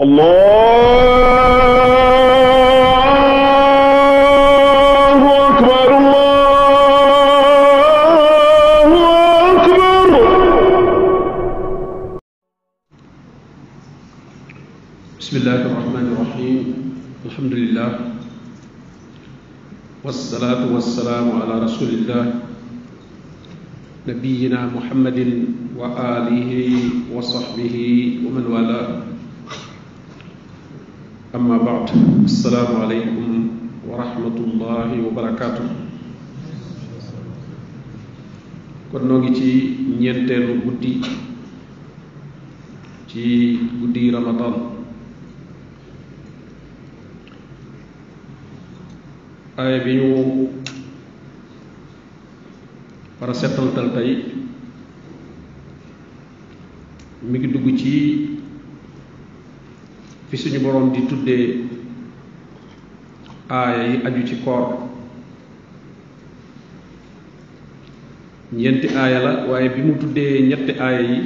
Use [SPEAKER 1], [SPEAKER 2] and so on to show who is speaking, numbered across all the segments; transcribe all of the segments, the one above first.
[SPEAKER 1] الله أكبر الله أكبر بسم الله الرحمن الرحيم الحمد لله والصلاة والسلام على رسول الله نبينا محمد وآله وصحبه ومن والاه أما بعد السلام عليكم ورحمة الله وبركاته kon noo ngi ci ñeenteelu guddi ci guddi ramadan aaya bi ñu war mi ngi dugg ci fi suñu borom di tuddé aya yi aju ci koor ñenti aya la waye bi mu tuddé ñetti aya yi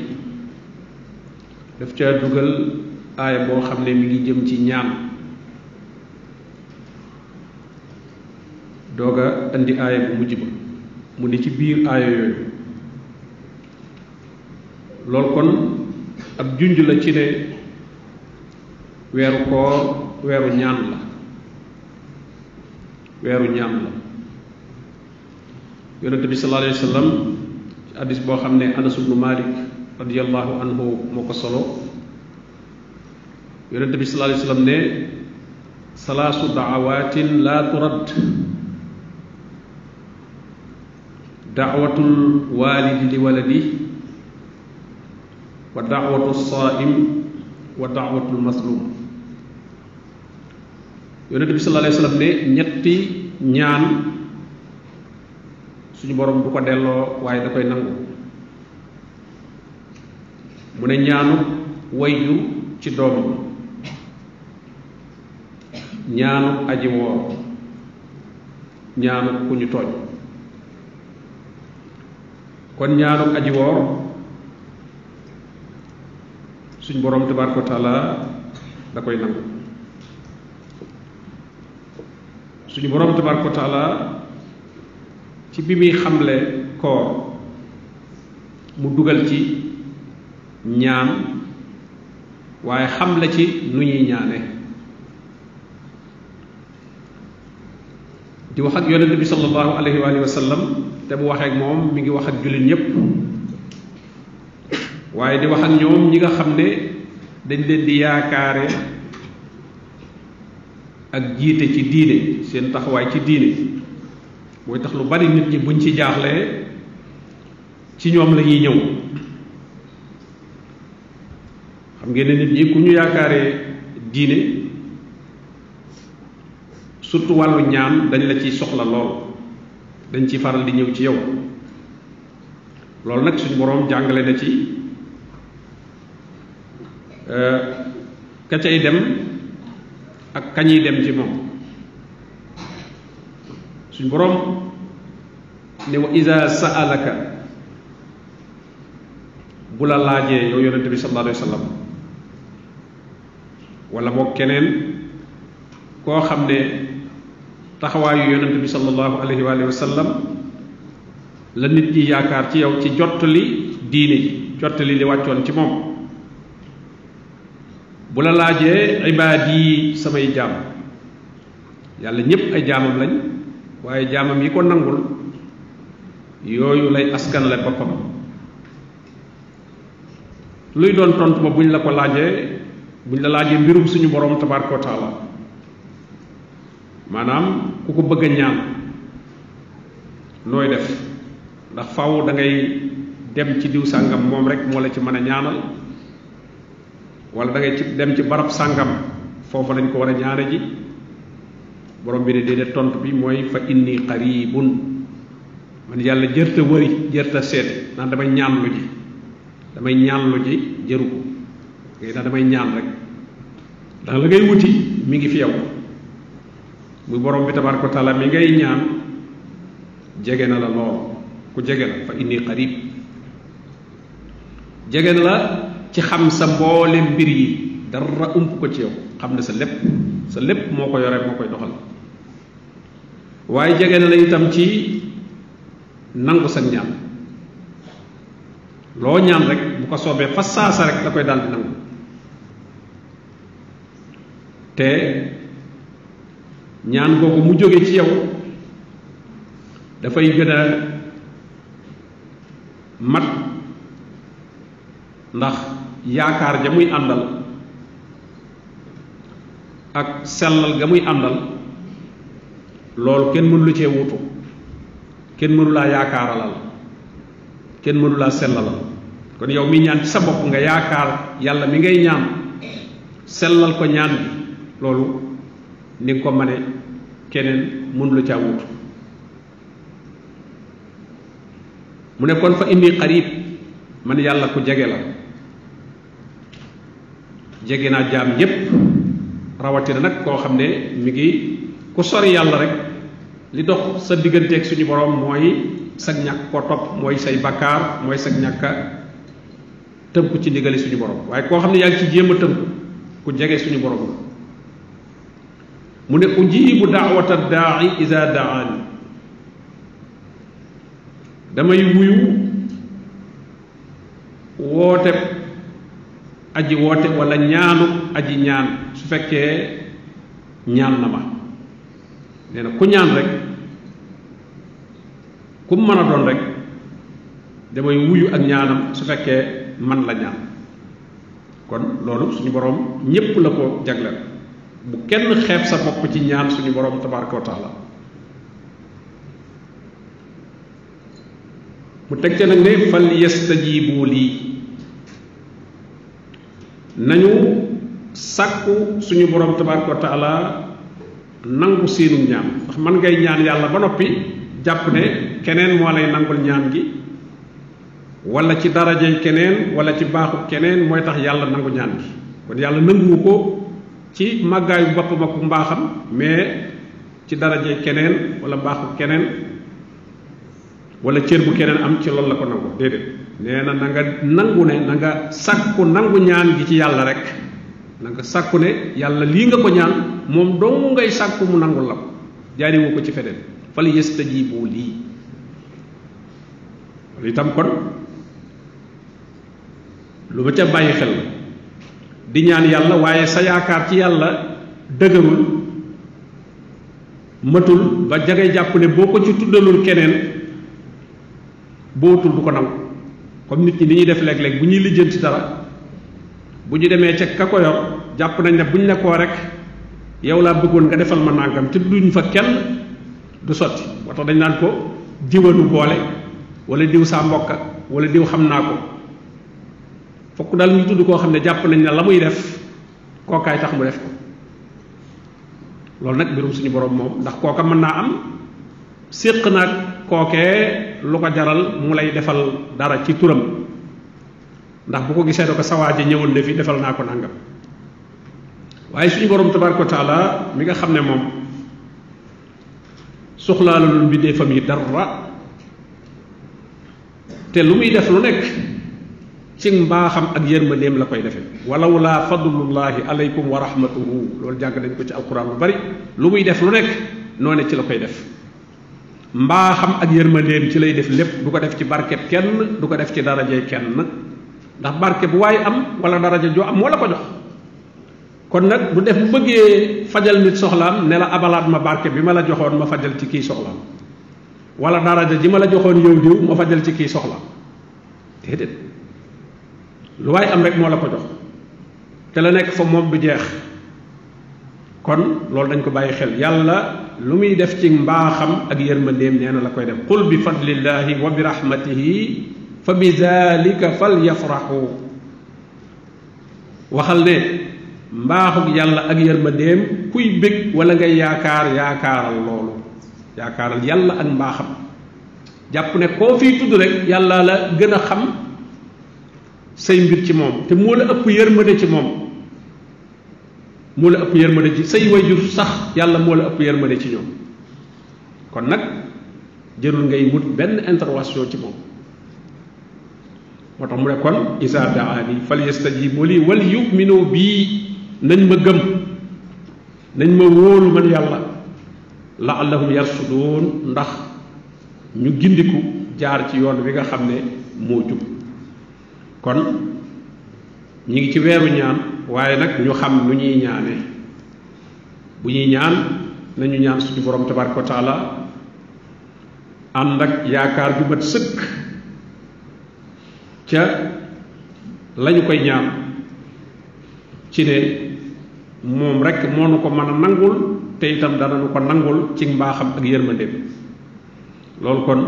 [SPEAKER 1] daf ca dugal aya bo xamné mi ngi jëm ci ñaan doga andi aya bu mujjiba mu ne ci biir aya yoy loolu kon ab junjula ci ne weeru koor weeru ñaan la weeru ñaan la yonent bi sallallahu alayhi wa sallam ci addis boo xam ne anas ibnu malik radiallahu anhu moo ko solo yonent bi sallallahu alayhi wa sallam ne salaasu waalidi li waladi wa daawatu saaim wa daawatul maslum yonent bi sallallahu alayhi wasallam ne ñetti ñaan suñu borom bu ko dello waye da koy nangu mu ne ñaanu wayju ci doom ñaanu aji wo ñaanu ku ñu toj kon ñaanu aji wo suñu borom tabaraka taala da koy nangu suñu borom tabaraka wa ci bi muy xamle koor mu dugal ci ñaan waaye xamle ci nu ñuy ñaane di wax ak yonent bi sallallahu alayhi wa te mu waxee ak moom mi ngi wax ak jullit yépp waaye di wax ak ñoom ñi nga xam ne dañ leen di yaakaare ak jiite ci diine seen taxawaay ci diine mooy tax lu bari nit ñi buñ ci jaaxlee ci ñoom la ñuy ñëw xam ngeen ne nit ñi ku ñu yaakaaree diine surtout wàllu ñaan dañ la ciy soxla lool dañ ci faral di ñëw ci yow lool nag suñ borom jàngale na ci euh, ka cay dem ak kañuy dem ci moom suñ boroom ne wa iza sa'alaka bu la laajee yow yonent bi sallallahu alayhi wa sallam wala boog keneen koo xam ne taxawaayu yonent bi sallallahu alayhi wa la nit ñi yaakaar ci yow ci jottali diine ji jottali li wàccoon ci moom bula la ibadi samay jam yalla ñepp ay jamam lañ waye jamam yi ko nangul yoyu lay askan la bopam luy doon tontu ba buñ la ko laajee buñ la laajee mbirum suñu borom tabaraku taala manam ku ko bëgg ñaan noy def ndax faaw da ngay dem ci diw sangam mom rek mo la ci mëna ñaanal wala da ngay ci dem ci barab sangam fofu lañ ko wara a ji borom bi ne déedéet tontu bi moy fa inni qaribun man yalla jërta wëri jërta sét na dama ñaan lu ji dama ñaan lu ji jëru ko ngay da dama ñaan rek da la ngay wuti mi ngi fi yow bu borom bi tabaraku taala mi ngay ñaan jégé na la lool ku jégé la fa inni qarib jégé na la ci xam sa mbolé mbir yi dara ump ko ci yow xam na sa lepp sa lepp moko yoré moko doxal waye jégué na lay tam ci nangu sa ñaan lo ñaan rek bu ko sobé fa saasa rek da koy dal di nangu te ñaan googu mu joggé ci yow da fay gëna mat ndax yaakaar ja muy àndal ak sellal ga muy àndal loolu kenn mënu lu cee wutu kenn mënu laa yaakaaralal kenn mënu laa sellalal kon yow mi ñaan ci sa bopp nga yaakaar yàlla mi ngay ñaan sellal ko ñaan bi loolu ni ko mane keneen mënu caa wutu mu ne kon fa indi qarib man yàlla ku jege jege jam ñep rawati rawatina nag koo mi ngi ku sori yalla rek li dox sa ak suñu borom moy sag ñak ko top moy say bakar moy sag ñàkk a ci digali suñu borom waye ko xamne yaa ci jema ku jégé suñu borom mu ne ujibu da'wata da'i iza da'an damay wuyu wote aji woote wala ñaanu aji ñaan su fekkee ñaan na ma nee ku ñaan rek ku mu mën a doon rek damay wuyu ak ñaanam su fekkee man la ñaan kon loolu suñu boroom ñépp la ko jagleel bu kenn xeeb sa bopp ci ñaan suñu boroom tabaraka wa mu teg ca nag ne fal yastajibu lii nañu sàkku suñu borom tabaraka wa taala nangu seenum ñaan ndax man ngay ñaan yàlla ba noppi jàpp ne keneen moo lay nangul ñaan gi walla ci dara darajey keneen wala ci baaxu keneen mooy tax yàlla nangu ñaan gi kon yàlla nanguwu ko ci màggaayu boppam ak mbaaxam mais ci darajey keneen wala baaxu keneen wala cër bu keneen am ci loolu la ko nangu déedéet nee na na nga nangu ne na nga sàkku nangu ñaan gi ci yàlla rek na nga sàkku ne yàlla lii nga ko ñaan moom dong ngay sàkku mu nangul la ko jaariwu ko ci feneen fal yastajibu lii loolu itam kon lu ma ca bàyyi xel di ñaan yàlla waaye sa yaakaar ci yàlla dëgërul matul ba jagay jàpp ne boo ko ci tuddalul keneen bootul du ko nam comme nit ñi ni ñuy def léeg-léeg bu ñuy lijjanti dara bu ñu demee ca ka ko yor jàpp nañ ne buñ ne koo rek yow laa bëggoon nga defal ma nangam te duñ fa kenn du sotti moo dañ naan ko diwanu boole wala diw sa mbokka wala diw xam naa ko fokk daal ñu tudd koo xam ne nañ ne la muy def kookaay tax mu def ko loolu nag mbirum suñu borom moom ndax kooka mën am séq naag koke lu ko jaral mu lay defal dara ci turam ndax bu ko gisee da ko sawaaji ñëwoon ne fi defal naa ko nangam waaye suñu borom tabaraka taala mi nga xam ne moom soxlaalalul mbindeefam yi dara te lu muy def lu nekk ci mbaaxam ak yërmandeem la koy defe walaw laa fadlullahi alaykum wa rahmatuhu loolu jàng nañ ko ci alquran lu bari lu muy def lu nekk noone ci la koy def mbaa xam ak yërmandeem ci lay def lépp du ko def ci barket kenn du ko def ci daraje kenn ndax barke bu waay am wala daraja joo am moo la ko jox kon nag bu def bu bëggee fajal nit soxlaam ne la abalaat ma barke bi ma la joxoon ma fajal ci kii soxlaam wala daraja ji ma la joxoon yow diw ma fajal ci kii soxlaam lu waay am rek moo la ko jox te la nekk fa moom du jeex kon loolu dañ ko bàyyi xel yàlla lu muy def ci mbaaxam ak yërmandeem nee na la koy def qul bi fadlillahi wa bi rahmatihi fa bi dalika fal yafraxu waxal ne mbaaxuk yàlla ak yërmandeem kuy bég wala ngay yaakaar yaakaaral loolu yaakaaral yàlla ak mbaaxam jàpp ne koo fiy tudd rek yàlla la gën a xam say mbir ci moom te moo la ëpp yërmande ci moom moo la ëpp yërmande ci say wayjur sax yàlla moo la ëpp yërmande ci ñoom kon nag jërul ngay wut benn intervention ci moom moo tax mu ne kon isa daani fal yastajibu li wal yuminu bii nañ ma gëm nañ ma wóolu man yàlla laallahum yarsuduun ndax ñu gindiku jaar ci yoon bi nga xam ne moo jub kon ñi ngi ci weeru ñaan waaye nag ñu xam nu ñuy ñaane bu ñuy ñaan nañu ñaan suñu borom tabaraka wa taala ànd ak yaakaar ju mat sëkk ca lañu koy ñaan ci ne moom rek moo nu ko mën nangul te itam dana nu ko nangul ci mbaaxam ak yërmandeem loolu kon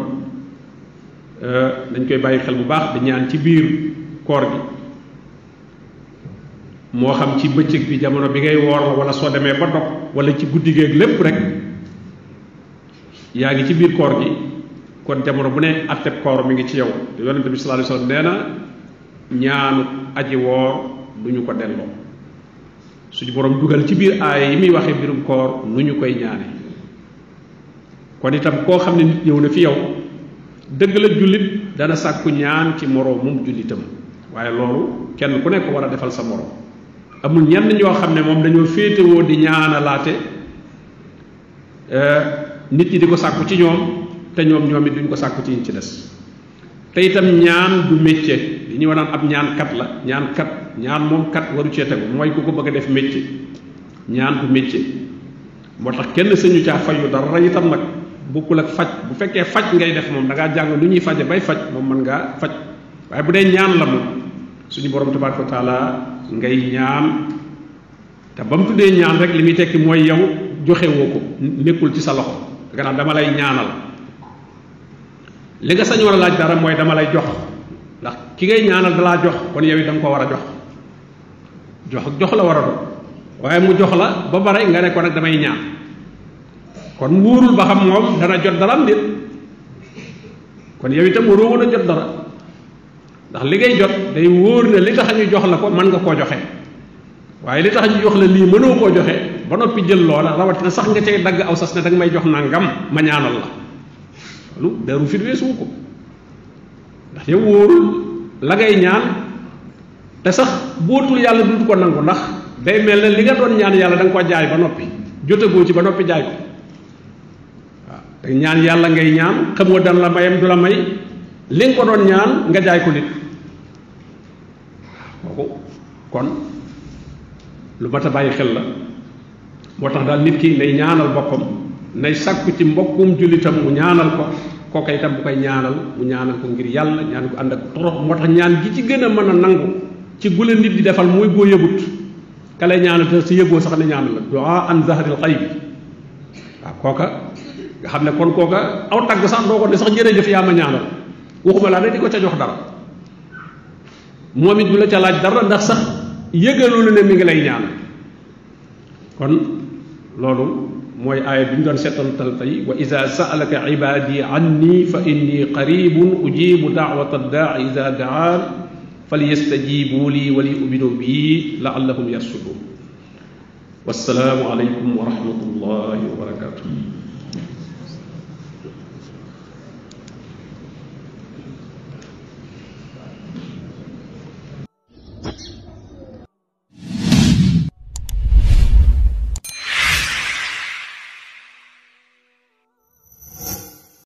[SPEAKER 1] dañ euh, koy bàyyi xel bu baax di ñaan ci biir koor gi mo xam ci bëccëg bi jamono bi ngay woor wala soo demee ba dog wala ci guddi geeg lépp rek yaa ngi ci biir koor gi kon jamono bu ne atteb koor mi ngi ci yow te bi sallallahu alayhi wasallam nee na ñaanu aji woor duñu ko delloo suñu borom dugal ci biir aaya yi muy waxee mbirum koor nu ñu koy ñaane kon itam koo xam ne nit ñëw na fi yow dëgg la jullit dana sàkku ñaan ci mum jullitam waaye loolu kenn ku nekk war a defal sa morom amul ñenn ñoo xam ne moom dañoo féetewoo di ñaana ñaanalaate eh, nit ñi di ko sàkku ci ñoom te ñoom ñoom it duñ ko sàkku ci ci des te itam ñaan du métier li ñuy wanaan ab ñaan kat la ñaan kat ñaan moom kat waru cee tegu mooy ku ko bëgg a def métier ñaan du métier moo tax kenn sañu caa fayu dara itam nag bokkul ak faj bu fekkee faj ngay def moom da ngaa jàng lu ñuy faje bay faj moom mën ngaa faj waaye bu dee ñaan la moom suñu borom tabaraka taala ngay ñaan te ba mu tuddee ñaan rek li muy tekki mooy yow joxe ko nekkul ci sa loxo gannaaw dama lay ñaanal li nga sañ war a laaj dara mooy dama lay jox ndax ki ngay ñaanal dalaa jox kon yow it da ko war a jox jox jox la war a doon waaye mu jox la ba bare nga ne ko nag damay ñaan kon mu wóorul ba xam moom dana jot dara am déet kon yow itam waroo woon a jot dara ndax li ngay jot day wóor ne li tax ñu jox la ko mën nga koo joxe waaye li tax ñu jox la lii mënoo koo joxee ba noppi jël loola rawatina sax nga cay dagg aw sas ne danga may jox nangam ma ñaanal la loolu de fit weesuwu ko ndax yow wóorul la ngay ñaan te sax bootul yàlla dutu ko nangu ndax day mel ne li nga doon ñaan yàlla da nga ko jaay ba noppi jote jotagoo ci ba noppi jaay ko waaw ñaan yàlla ngay ñaan xamoo dan la mayam du la may li nga ko doon ñaan nga jaay ko nit kooku kon lu mat a bàyyi xel la moo tax daal nit kii nay ñaanal boppam nay sàkku ci mbokkum jullitam mu ñaanal ko kooka itam bu koy ñaanal mu ñaanal ko ngir yàlla ñaan ko ànd ak torox moo tax ñaan gi ci gën a mën a nangu ci gule nit di defal mooy boo yëgut ka lay ñaanal te si yëgoo sax ne ñaanal la du'a an zahril xaybi waaw kooka nga xam ne kon kooka aw tagg sax doo ko ne sax jërëjëf yaa ma ñaanal waxuma laa ne di ko ca jox dara moom it du la ca laaj dara ndax sax yëgalu la ne mi ngi lay ñaan kon loolu mooy aaya bi ñu doon seetantal tey wa ida saalaka ibadi anni fa inni qaribun ujibu daawata daai ida daan falyastajibu li wa liyuminu bi laallahum yarshudun wassalaamu alaykum wa rahmatullahi wa barakatuh